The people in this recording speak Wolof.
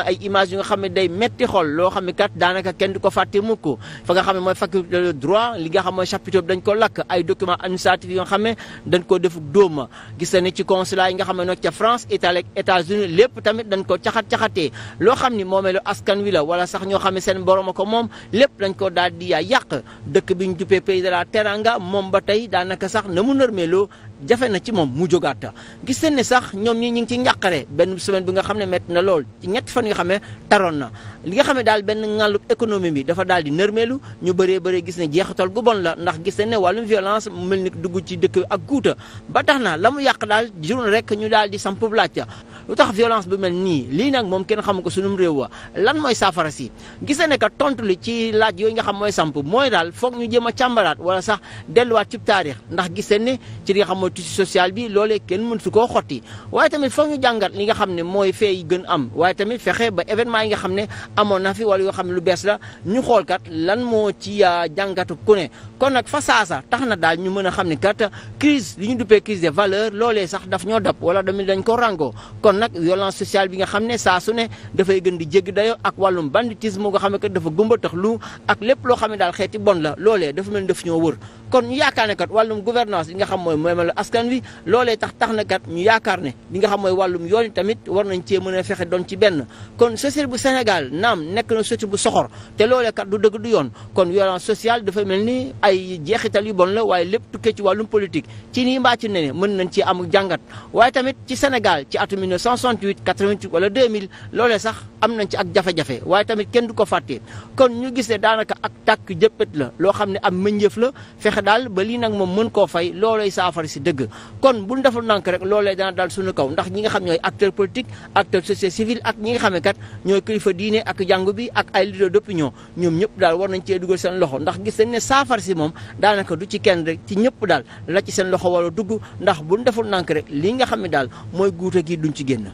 na ay image yu nga xam ne day metti xol loo xam ne kat daanaka kenn du ko fàtte mukk fa nga xam ne mooy faculté de li nga xam mooy chapitre dañ ko lakk ay documents administratifs yoo xam ne dañ ko def dóoma gis na ni ci consulat yi nga xam ne nag ca France Italie ak États-Unis lépp tamit dañ ko caxat caxatee loo xam ni moomee lu askan wi la wala sax ñoo xam ne seen borom ko moom lépp dañ ko daal di yaa yàq dëkk bi ñu juppee pays de la Teranga moom ba tey daanaka sax na mu nërmeeloo jafe na ci moom mu jógaat gis nañ ne sax ñoom ñi ñu ngi ci njàqare benn semaine bi nga xam ne métti na lool ci ñetti fan yoo xam ne taroon na li nga xam ne daal benn ngàllub économie bi dafa daal di nërmeelu ñu bëree bare gis ne jeexatal gu bon la ndax gis nañ ne wàllum violence mu mel ni dugg ci dëkk ak guuta ba tax na la mu yàq daal jur rek ñu daal di samp laajte lu tax violence bu mel nii lii nag moom kenn xamu ko sunum réew wa lan mooy saafara si gis nañ ne que tontu li ci laaj yooyu nga xam mooy samp mooy daal foog ñu jéem a càmbaraat wala sax delluwaat ci taarix ndax gis ci li nga xam mooy tissu social bi loolee kenn mën su koo xotti waaye tamit foog ñu jàngat li nga xam ne mooy fee yi gën am waaye tamit fexe ba événement yi nga xam ne amoon na fi wala yoo xam ne lu bees la ñu xool kat lan moo ci euh, jàngatu ku ne kon nag fa saasa tax na daal ñu mën a xam ne kat crise li ñu duppee crise des valeurs loolee sax daf ñoo dab wala damit dañ ko ràngoo kon nag violence sociale bi nga xam ne saa su ne dafay gën di jéggi dayo ak wàllum banditisme nga xam ne kat dafa gumba tax lu ak lépp loo xam xeeti bon la loolee dafa mel ni daf kon ñu yaakaar ne kat wàllum gouvernance li nga xam mooy mooy melu askan wi loolee tax tax na kat ñu yaakaar ne li xam mooy wàllum yoon tamit war nañ cee mën a fexe doon ci benn kon société bu Sénégal naam nekk na société bu soxor te loolee kat du dëgg du yoon kon violence sociale dafa mel ni ay jeexital yu bon la waaye lépp tukkee ci wàllum politique ci nii mbaa ci ne mën nañ ci am jàngat waaye tamit ci Sénégal ci atum 1968 88 wala 2000 loolee sax am nañ ci ak jafe-jafe waaye tamit kenn du ko fàtte kon ñu gis daanaka ak tàkk jëppët la loo xam ne am mënjëf la daal ba lii nag moom mën koo fay loolay saafara si dëgg kon bu ñu deful nank rek loolay dana daal suñu kaw ndax ñi nga xam ñooy acteur politique acteur société civile ak ñi nga xam ne kat ñooy kilifa diine ak jàngu bi ak ay leader d'opinion ñoom ñëpp daal war nañ cee dugal seen loxo ndax gis nañ ne saafara si moom daanaka du ci kenn rek ci ñëpp daal la ci seen loxo wala dugg ndax bu ñu deful nank rek li nga xam ne daal mooy guute gii duñ ci génn